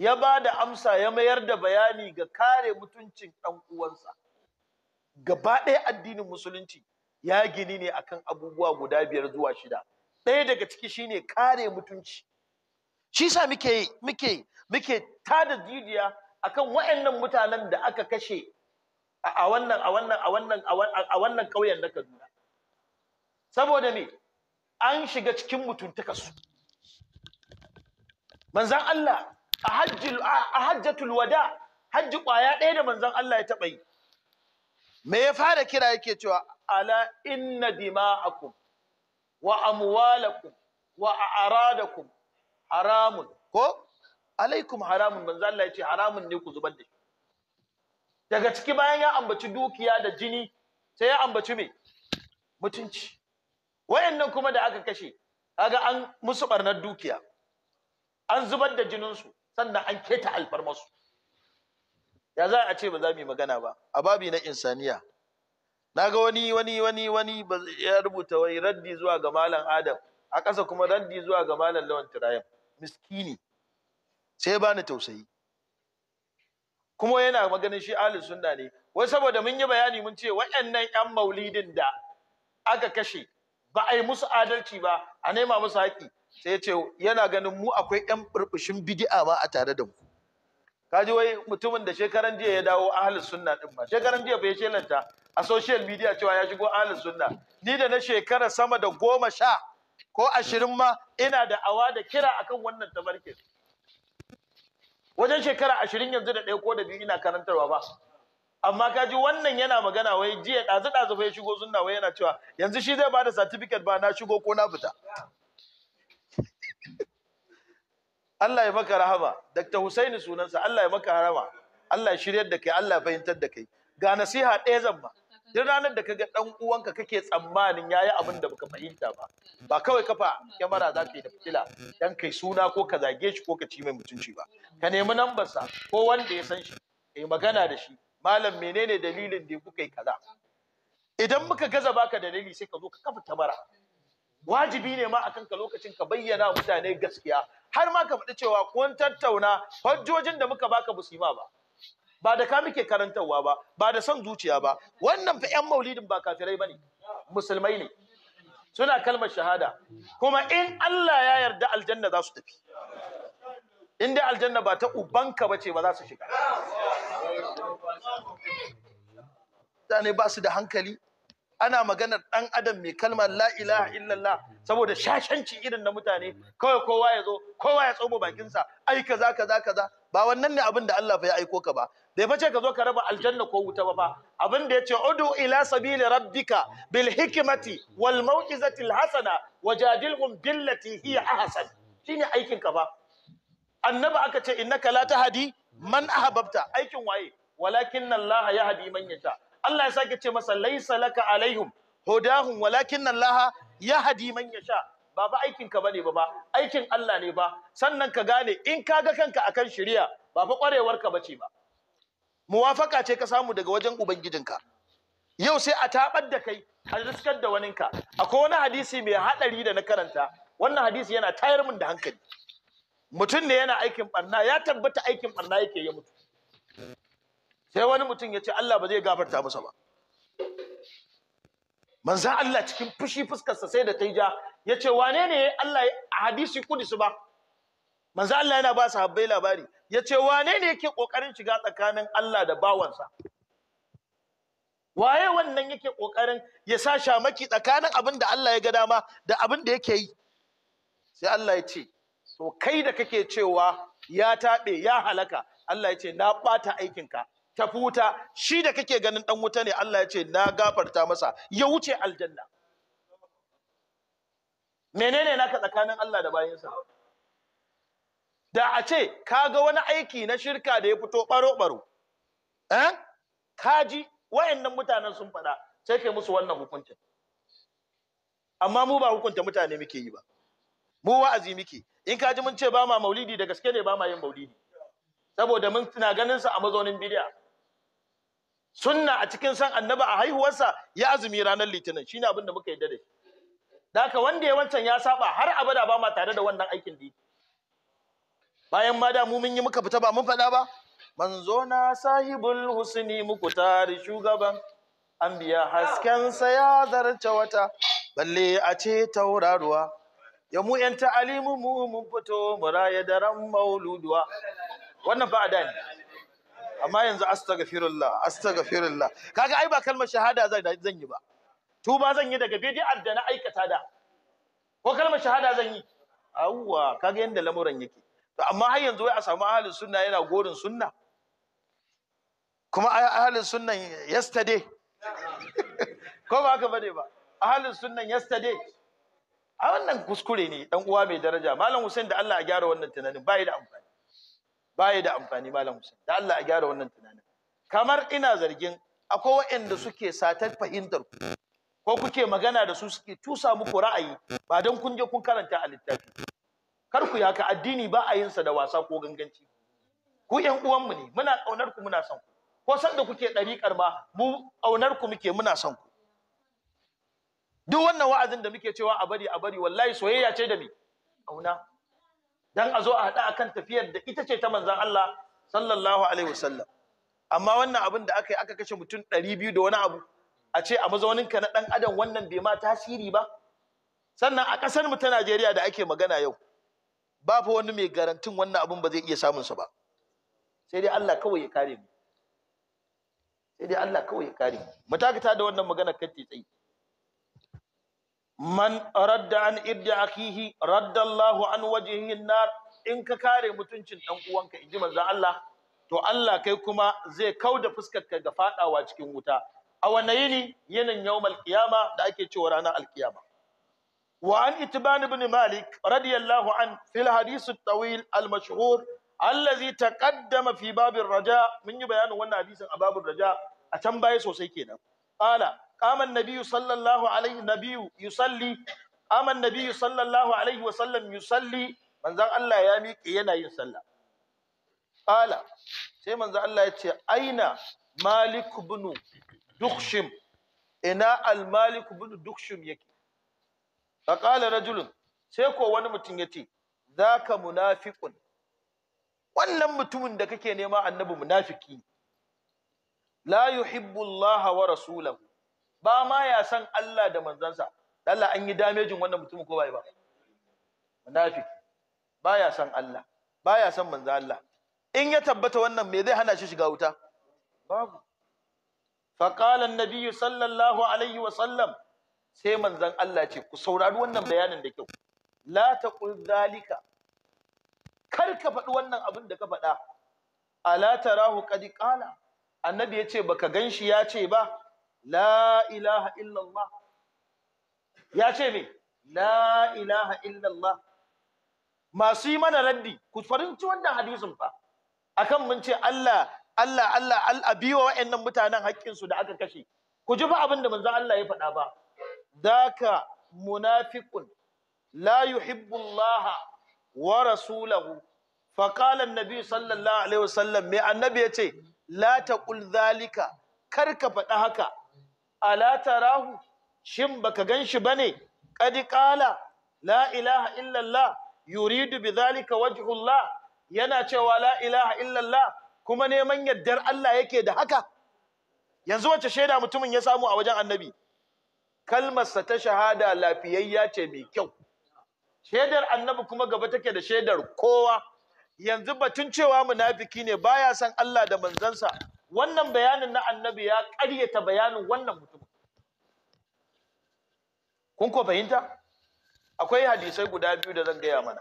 ya ba da amsa ya mayar da bayani ga kare mutuncin ɗan uwansa gaba ɗaya addinin musulunci ya gini ne akan abubuwa guda biyar zuwa shida ɗaya daga ciki shine kare mutunci shi sa muke muke muke tada jijiya akan wa'annan mutanen da aka kashe a wannan a wannan a wannan a wannan ƙauyen na Kaduna saboda me an shiga cikin mutuntakarsu manzon Allah a hajjatul wada hajji kwaya ɗaya da manzon Allah ya taɓa yi me ya fara kira yake cewa ala inna dima'akum wa amwalakum wa a'radakum haramun ko alaikum haramun manzan Allah ya ce haramun ne ku zubar da shi daga ciki bayan ya ambaci dukiya da jini sai ya ambaci me mutunci wayannan kuma da aka kashe kaga an musu barnar dukiya an zubar da jinin su sannan an keta alfarmasu ya za a ce ba za mu yi magana ba a babi na insaniya na ga wani wani wani wani ya rubuta wai raddi zuwa ga malam adam a ƙasa kuma raddi zuwa ga malam lawan tirayim miskini sai ba ni tausayi kuma yana maganin shi ahlus sunna ne wai saboda mun yi bayani mun ce waɗannan ƴan maulidin da aka kashe ba a yi musu adalci ba a nema musu haƙƙi sai ce yana ganin mu akwai ɗan burbushin bid'a ma a tare da mu kaji wai mutumin da shekaran jiya ya dawo ahlus sunna din ba. shekaran jiya bai shelanta a social media cewa ya shigo ahlus sunna ni da na shekara sama da goma sha ko ashirin ma ina da awa da kira akan wannan tabarkin wajen shekara ashirin yanzu da ɗaya ko da biyu ina karantarwa ba amma ka ji wannan yana magana wai jiya ɗazu ɗazu bai shigo sunna wai yana cewa yanzu shi zai bada certificate ba na shigo ko na fita Allah ya maka rahama Dr. Husaini sunansa Allah ya maka rahama Allah ya shiryar da kai Allah ya fahimtar da kai ga nasiha ɗaya zan ba duk ranar da kaga dan uwanka kake tsammanin yayi abin da baka fahimta ba ba kawai kafa kyamara za ka yi da fitila dan kai suna ko ka zage shi ko ka ci mai mutunci ba ka nemi nambarsa ko wanda ya san shi kai magana da shi malam menene dalilin da kuka yi kaza idan muka gaza baka dalili sai ka zo ka kafa kyamara wajibi ne ma a kanka lokacin ka bayyana wa mutane gaskiya har ma ka faɗi cewa kun tattauna hujjojin da muka baka musima ba ba da ka muke karantarwa ba ba da son zuciya ba wannan fa yan maulidin ba kafirai bane musulmai ne suna kalmar shahada kuma in Allah ya yarda aljanna za su tafi in dai aljanna ba ta ubanka ba ce ba za su shiga mutane ba su da hankali ana maganar ɗan adam mai kalmar la'ilaha illallah saboda shashanci irin na mutane kawai kowa ya zo kowa ya tsoma bakinsa ai kaza kaza kaza ba wannan ne abin da Allah fa ya aiko ka ba bai fice ka zo ka raba aljanna ko wuta ba abin da ya ce, udu ila sabili rabbika bil hikmati wal mau'izati al hasana wajadilhum billati hiya ahsan shine aikin ka ba annabi aka ce innaka la tahdi man ahbabta aikin waye walakin Allah yahdi man yasha Allah ya sake ce masa laisa laka alaihim hudahum walakin Allah yahdi man yasha ba ba aikin ka bane ba aikin Allah ne ba sannan ka gane in ka ga kanka akan shari'a ba fa kwarewar ka bace ba muwafaka ce ka samu daga wajen ubangijinka yau sai a tabar da kai a riskar da waninka akwai wani hadisi mai hadari da na karanta wannan hadisi yana tayar min da hankali mutum ne yana aikin barna ya tabbata aikin barna yake ya mutu sai wani mutum ya ce Allah ba zai gafarta masa ba manzan Allah cikin fushi fuskarsa sai da ta yi ja ya ce wane ne Allah a hadisi kudus ba manzan Allah yana ba su habbai labari ya ce wane ne yake ƙoƙarin shiga tsakanin Allah da bawansa waye wannan yake ƙoƙarin ya sa shamaki tsakanin abin da Allah ya ga dama da abin da yake yi sai Allah ya ce to kai da kake cewa ya taɓe ya halaka Allah ya ce na ɓata aikinka ta wuta shi da kake ganin dan wuta ne Allah ya ce na gafarta masa ya wuce aljanna menene naka tsakanin Allah da bayinsa da a ce ka ga wani aiki na shirka da ya fito baro baro eh kaji wayannan mutanen sun faɗa sai kai musu wannan hukuncin amma mu ba hukunta mutane muke yi ba mu wa'azi muke in ka ji mun ce ba ma maulidi da gaske ne ba ma yin maulidi saboda mun tuna ganin sa a mazaunin bidiya. sunna a cikin san annaba a haihuwarsa ya azumi ranar litinin shine abin da muka yi dare da haka wanda ya wancan ya saba har abada ba ma tare da wannan aikin da bayan ma da mu mun yi muka fita ba mun fada ba manzo na sahibul husni muku tare shugaban anbiya hasken sa ya zarce wata balle a ce tauraruwa ya mu yan alimu mu mun fito ya daren mauluduwa wannan ba adani ne amma yanzu astaghfirullah astaghfirullah kaga ai ba kalmar shahada zan yi ba tuba zan yi daga bid'ar da na aikata da ko kalmar shahada zan yi awwa kaga yanda lamuran yake to amma har yanzu wai a samu ahlus sunna yana gorin sunna kuma ahlus sunna yesterday ko ba haka bane ba ahlus sunna yesterday a wannan kuskure ne dan uwa mai daraja malam Hussein da Allah ya gyara wannan tunanin bai da amfani baya da amfani malam Hussein da Allah a gyara wannan tunanin kamar ina zargin akwai waɗanda suke satar fahimtar ku ko kuke magana da su suke tusa muku ra'ayi ba dan kun je kun karanta a littafi kar ku yaka addini ba a yinsa da wasa ko ganganci ku ƴan uwanmu ne muna ƙaunar ku muna son ku ko san da kuke ɗariƙar ma mu ƙaunar ku muke muna son ku duk wannan wa'azin da muke cewa a bari a bari wallahi soyayya ce da me ƙauna dan a zo a hada akan tafiyar da ita ce ta manzon Allah sallallahu alaihi wasallam amma wannan abin da aka yi aka kashe mutum ɗari biyu da wani abu a ce a mazauninka na dan adam wannan bai ma tasiri ba sannan a ƙasar mu ta Najeriya da ake magana yau ba fa wani mai garantin wannan abin ba zai iya samun sa ba sai dai Allah kawai ya kare mu sai dai Allah kawai ya kare mu mu da wannan magana kan tsayi man radda an irda akihi radda Allahu an wajihin nar in ka kare mutuncin dan uwanka inji manzon Allah to Allah kai kuma zai kauda fuskar ka ga fadawa cikin wuta a wannan yini yinin yawmal qiyama da ake cewa ranar alkiyama wa an itban ibn malik radiyallahu an fil hadith at-tawil al-mashhur allazi taqaddama fi babir raja mun yi bayanin wannan hadisin a babur raja a can baya sosai kenan qala قام النبي صلى الله عليه النبي يصلي قام النبي صلى الله عليه وسلم يصلي من ذا الله ينا قال sai manzo Allah ya ce aina malik ibn dukhshim ina al malik ibn dukhshim yake fa qala rajulun sai ko wani mutum yace zaka munafiqun wannan mutumin da kake nema annabi munafiki la yuhibbu Allah wa rasulahu ba ma ya san Allah da manzansa Allah an yi damejin wannan mutumin ko bai ba ba ya san Allah ba ya san manzan Allah in ya tabbata wannan me zai hana shi shiga wuta babu qala an-nabiy sallallahu alaihi wa sallam sai manzan Allah ce ku saurari wannan bayanin da kyau la taqul zalika kar ka faɗi wannan abin da ka faɗa ala tarahu qad qala annabi yace baka ganshi ya ce ba la ilaha illallah ya ce me la ilaha illallah masu yi mana raddi ku farinci wannan hadisin fa akan mun ce Allah Allah Allah al'abiwa wa'annan mutanen haƙƙinsu da aka kashe ku ji ba abin da manzon Allah ya faɗa ba ka munafiqun la yuhibbu Allah wa rasulahu Faƙalan qala nabi sallallahu alaihi wasallam me annabi ce la taqul zalika ka faɗa haka ala tarahu shin baka ganshi bane qad qala la ilaha illallah yuridu bidhalika wajhullah yana cewa la ilaha illallah kuma neman yaddar Allah yake da haka yanzu wace shaida mutumin ya samu a wajen annabi kalmarsa ta shahada lafiyayya ce mai kyau shaidar annabi kuma gaba take da shaidar kowa yanzu batun cewa munafuki ne baya son Allah da manzansa wannan bayanin na annabi ya ƙaryata bayanin wannan mutum kun ko fahimta akwai hadisai guda biyu da zan gaya mana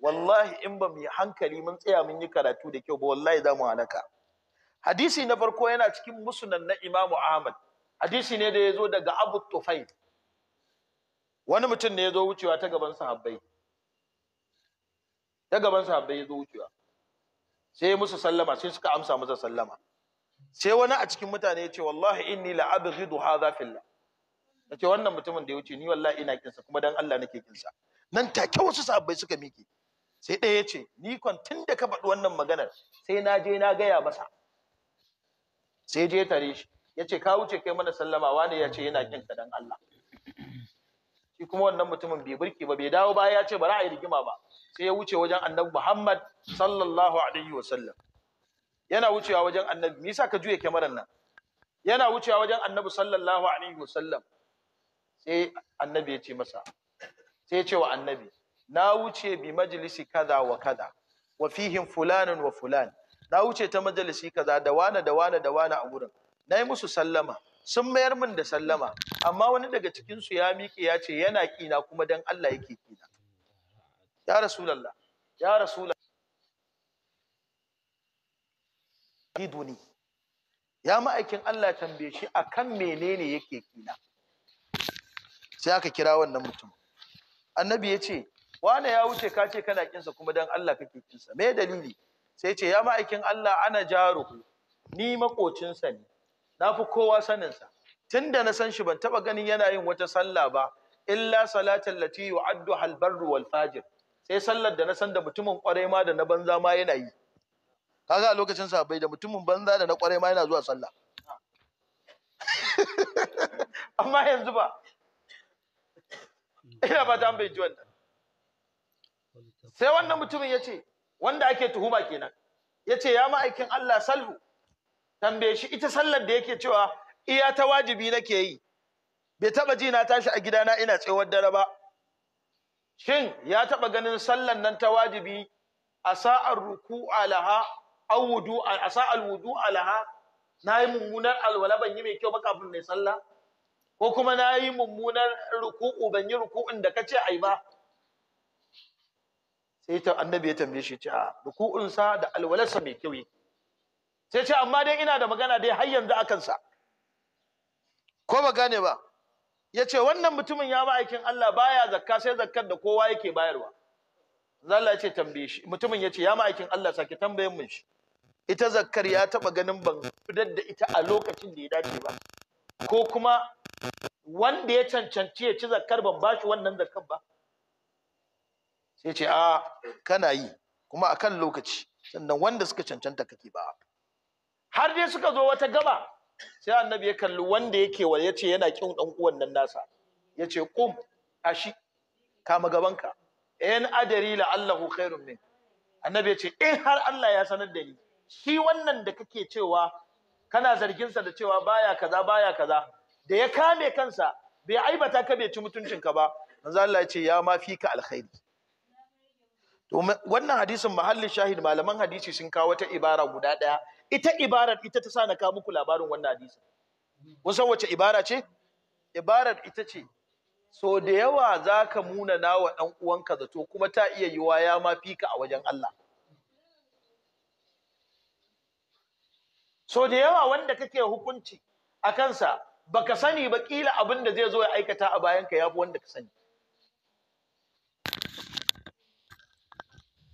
wallahi in ba mu yi hankali mun tsaya mun yi karatu da kyau ba wallahi za mu halaka hadisi na farko yana cikin musnad na Imam ahmad hadisi ne da ya zo daga abu tufai wani mutum ne ya zo wucewa ta gaban sahabbai ta gaban sahabbai ya zo wucewa sai musu sallama sai suka amsa masa sallama sai wani a cikin mutane ya ce wallahi inni la abghidu hadha fillah nace wannan mutumin da ya wuce ni wallahi ina kinsa kuma dan Allah nake kinsa nan take wasu sahabbai suka miƙe sai ɗaya ya ce ni kon tun da ka faɗi wannan maganar sai na je na gaya masa sai je tare shi ya ka wuce kai mana sallama wani yace yana kinka dan Allah shi kuma wannan mutumin bai burki ba bai dawo ba ya ce ba za a yi rigima ba sai ya wuce wajen annabi Muhammad sallallahu alaihi wasallam yana wucewa wajen annabi me yasa ka juye kyamarar nan yana wucewa wajen annabi sallallahu alaihi wasallam sai annabi ya ce masa sai ya ce wa annabi na wuce bi majalisi kaza wa kaza wa fihim fulanan wa fulan na wuce ta majalisi kaza da wane da wane da wane a gurin na yi musu sallama sun mayar min da sallama amma wani daga cikin su ya miƙe ya ce yana kina kuma dan Allah yake kina ya rasulullah ya rasulullah iduni ya ma'aikin Allah tambaye shi akan menene yake kina sai aka kira wannan mutum annabi ya ce wane ya wuce ka ce kana kinsa kuma dan Allah kake kinsa me dalili sai ya ce ya ma'aikin Allah ana jaruhu ni makocinsa ne na fi kowa saninsa tunda na san shi ban taba ganin yana yin wata sallah ba illa salatal lati yu'addu hal barru wal fajir sai sallar da na san da mutumin kwarai ma da na banza ma yana yi kaga a lokacin sahabbai da mutumin banza da na kwarai ma yana zuwa sallah amma yanzu ba ina ba ta bai ji wannan sai wannan mutumin ya ce wanda ake tuhuma kenan ya ce ya ma'aikin Allah salhu tambaye shi ita sallar da yake cewa iya ta wajibi nake yi bai taba ji na tashi a gidana ina tsawon dare ba shin ya taba ganin sallar nan ta wajibi a sa'ar ruku'a laha aw wudu, a sa'al wudu'a laha nayi mummunar alwala ban yi mai kyau ba kafin nayi sallah ko kuma nayi mummunar ruku'u ban yi ruku'un da kace ai ba sai ta annabi ya tambaye shi ta, a ruku'un sa da alwalarsa mai kyau yake sai ce amma dai ina da magana dai har yanzu akan sa ko ba gane ba ya ce wannan mutumin ya ba aikin Allah baya zakka sai zakkar da kowa yake bayarwa Allah ya ce tambaye shi mutumin ya ce ya ma aikin Allah sake tambayen mun shi ita zakkar ya taba ganin ban fitar da ita a lokacin da ya dace ba ko kuma wanda ya cancanci ya ci zakkar ban bashi wannan zakkar ba sai ce a kana yi kuma akan lokaci sannan wanda suka cancanta kake ba har dai suka zo wata gaba sai annabi ya kalli wanda yake wa yace yana kin dan uwan nan nasa yace kum ashi kama gabanka in adari la allahu khairun min annabi yace in eh, har Allah ya sanar da ni shi wannan da kake cewa kana zargin sa da cewa baya kaza baya kaza da ya kame kansa bai aibata ka bai ci mutuncinka ba manzo Allah yace ya ma ka alkhairi to wannan hadisin mahallin shahid malaman hadisi sun kawo wata ibara guda daya ita ibarar ita ta sa na kawo muku labarin wannan hadisi kun san wace ibara ce ibarar ita ce so da yawa za ka muna nawa ɗan uwanka zato kuma ta iya yiwa ya ma fi ka a wajen Allah so da yawa wanda kake hukunci a kansa baka sani ba kila abin da zai zo ya aikata a bayanka ya fi wanda ka sani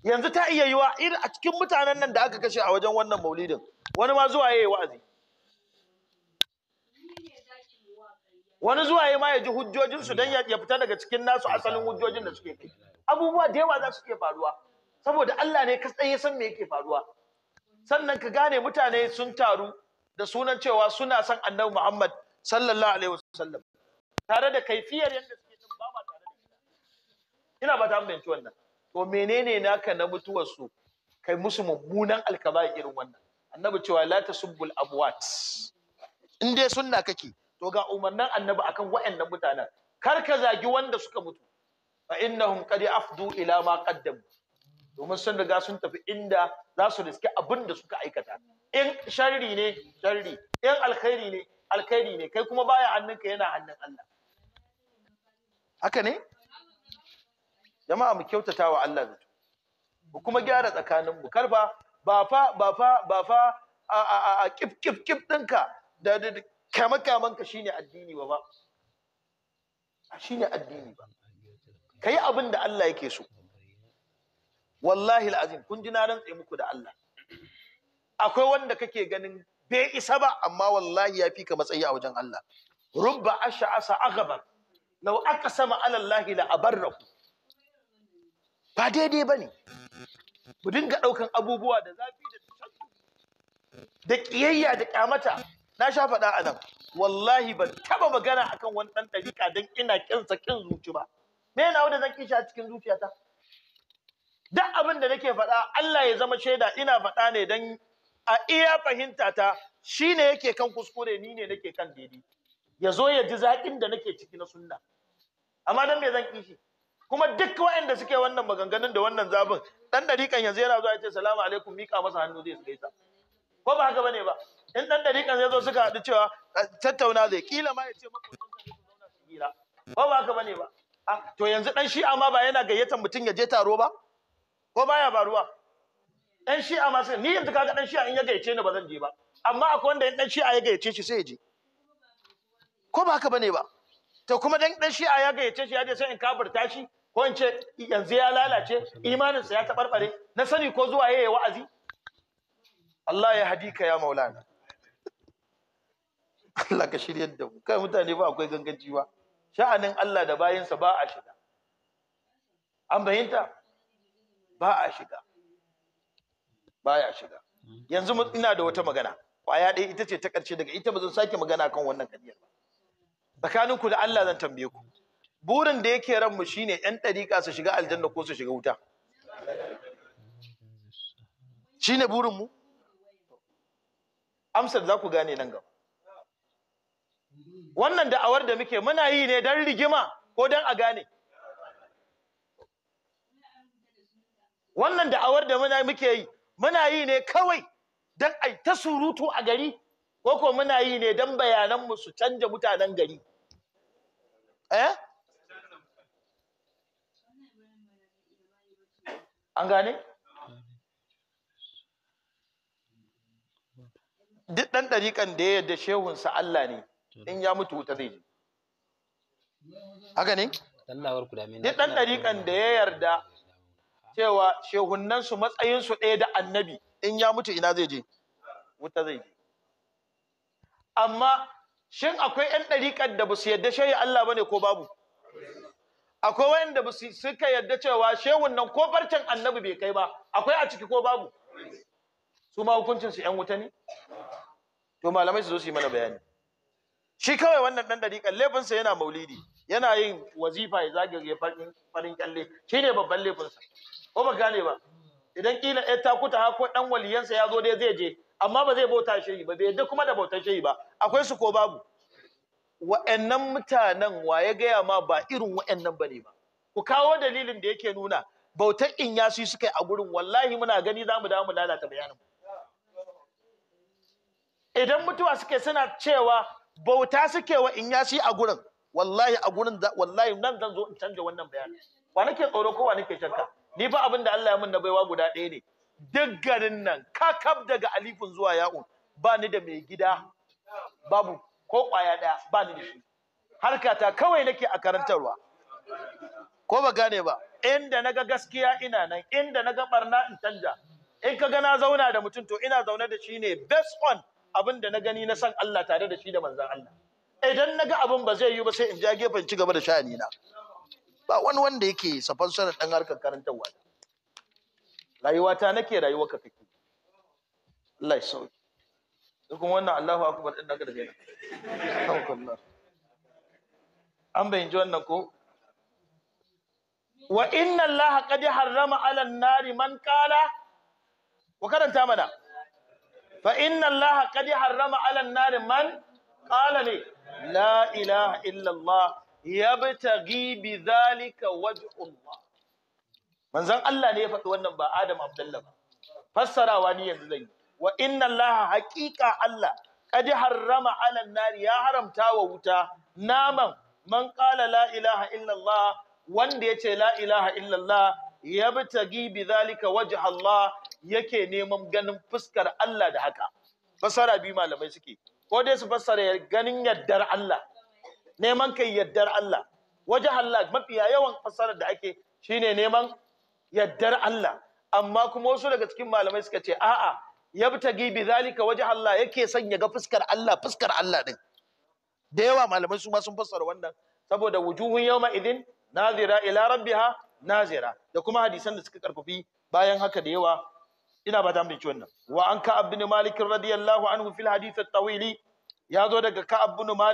yanzu ta iya yiwa ir a cikin mutanen nan da aka kashe a wajen wannan maulidin wani ma zuwa yayi wa'azi wani zuwa yayi ma ya ji hujjojin su dan ya fita daga cikin nasu asalin hujjojin da suke kai abubuwa da yawa za su iya faruwa saboda Allah ne ka tsaye san me yake faruwa sannan ka gane mutane sun taru da sunan cewa suna son Annabi Muhammad sallallahu alaihi wasallam tare da kaifiyar yadda suke din ba ma tare da ina ba ta ambaci wannan to menene naka na mutuwar su kai musu mummunan alkaza irin wannan annabi cewa la tasubbul abwat in dai sunna kake to ga umarnan annabi akan waɗannan mutanen kar ka zagi wanda suka mutu fa innahum qad afdu ila ma qaddamu domin sun riga sun tafi inda za su riske abin da suka aikata in sharri ne sharri in alkhairi ne alkhairi ne kai kuma baya hannunka yana hannun Allah haka ne jama'a mu kyautata wa Allah zato mu kuma gyara tsakanin mu karfa ba fa ba fa ba fa a a kif kif kif ɗinka da kama kaman ka shine addini ba ba shine addini ba kai abin da Allah yake so wallahi alazim kun ji na rantse muku da Allah akwai wanda kake ganin bai isa ba amma wallahi ya fi ka matsayi a wajen Allah rubba ash'asa aghaba law aqsama sama allahi la abarraku ba daidai ba ne mu dinga ɗaukan abubuwa da zafi da da ƙiyayya da ƙyamata na sha faɗa a nan wallahi ban taɓa magana akan wani ɗan ɗariƙa don ina ƙinsa ƙin zuci ba me yana wanda zan kisha cikin zuciyata duk abin da nake faɗa Allah ya zama shaida ina faɗa ne don a iya fahimta ta shi ne yake kan kuskure ni ne nake kan daidai ya zo ya ji zaƙin da nake ciki na sunna amma don me zan kishi kuma duk waɗanda suke wannan maganganun da wannan zabin dan dariƙan yanzu yana zuwa ya ce salamu alaikum miƙa masa hannu zai gaisa ko ba haka bane ba in dan dariƙan zai zo suka haɗu cewa tattauna zai kila ma ya ce maka hira ko ba haka bane ba to yanzu dan shi'a ma ba yana gayyatar mutum ya je taro ba ko baya baruwa dan shi'a ma sai ni yanzu kaga dan shi'a in ya gayyace ni ba zan je ba amma akwai wanda in dan shi'a ya gayyace shi sai ya je ko ba haka bane ba to kuma dan dan shi'a ya gayyace shi ya je sai in kafirta shi ko in ce yanzu ya lalace imaninsa ya taɓarɓare na sani ko zuwa yayi wa'azi Allah ya ka ya maulana Allah ka shiryar da mu kai mutane ba akwai ganganci ba sha'anin Allah da bayansa ba a shiga an bayinta ba a shiga ba ya shiga yanzu ina da wata magana kwaya ɗaya ita ce ta ƙarshe daga ita ba zan sake magana kan wannan kadiyar ba tsakaninku da Allah zan tambaye ku burin da yake ranmu shine yan ɗariƙa su shiga aljanna ko su shiga wuta shine burinmu amsar za ku gane nan gaba wannan da'awar da muke muna yi ne don rigima ko don a gane wannan da'awar da muna muke yi muna yi ne kawai don a ta surutu a gari ko ko muna yi ne don bayananmu su canja mutanen gari eh an gane duk ɗan ɗariƙan da ya yarda shehunsa Allah ne in ya mutu wuta zai je haka ne duk ɗan ɗariƙan da ya yarda cewa shehunansu matsayinsu ɗaya da annabi in ya mutu ina zai je wuta zai je amma shin akwai ɗan ɗariƙar da ba su yarda shehi Allah ba ne ko babu akwai waɗanda ba suka yadda cewa shehun nan ko barcin annabi bai kai ba akwai a ciki ko babu su ma hukuncin su yan wuta ne to malamai su zo su yi mana bayani shi kawai wannan dan dariƙar sa yana maulidi yana yin wazifa ya zagaye farin kalle shine babban sa ko ba gane ba idan kila ya takuta ha ko dan waliyansa ya zo dai zai je amma ba zai bauta shehi ba bai yadda kuma da bautar shehi ba akwai su ko babu wa'annan mutanen wa ya gaya ma ba irin wa'annan ba ne ba ku kawo dalilin da yake nuna bautar in ya su suka yi a gurin wallahi muna gani za mu dawo lalata bayanin idan mutuwa suke suna cewa bauta suke wa in yasu a gurin wallahi a gurin wallahi nan zan zo in canja wannan bayanin ba nake tsoro ko wa nake shakka ni ba abin da Allah ya min na baiwa guda ɗaya ne duk garin nan kakab daga alifin zuwa ya'un ba ni da mai gida babu ko kwaya ɗaya ba ni da shi harkata kawai nake a karantarwa ko ba gane ba inda naga gaskiya ina nan inda naga barna in canja in ka ga na zauna da mutum to ina zaune da shi ne best on abin da na gani na san Allah tare da shi da manzon Allah idan naga abin ba zai yi ba sai in ja gefen ci gaba da sha'ani na ba wani wanda yake safan sanar dan harkar karantarwa rayuwata nake ka kake Allah ya sauke sai kuma wannan Allahu akbar din naka da kai tawakkalna an bayyana wannan ko wa inna Allaha qad harrama 'ala an-nari man qala wa karanta mana fa inna Allaha qad harrama 'ala an-nari man qala ne la ilaha illa Allah yabtaghi bi dhalika wajhu Allah manzon Allah ne ya faɗi wannan ba Adam Abdullah ba fassarawa ni yanzu zan yi wa inna allaha haqiqa allah qad harrama ala nari ya haramta wa wuta naman man qala la ilaha illa allah wanda yace la ilaha illa allah yabtagi zalika wajha allah yake neman ganin fuskar Allah da haka fasara bi malamai suke ko dai su fasara ganin yaddar Allah neman kai yaddar Allah waje Allah mafiya yawan fasara da ake shine neman yaddar Allah amma kuma wasu daga cikin malamai suka ce a'a yabtagi bi zalika waje Allah yake sanya ya ga fuskar Allah fuskar Allah din da yawa malamai su ma sun fassara wannan saboda wujuhun yawma idin nazira ila rabbiha nazira da kuma hadisan da suka karfafi bayan haka da yawa ina ba ta ambaci wannan wa an ka ibn malik radiyallahu anhu fil hadith at-tawili ya zo daga ka ibn malik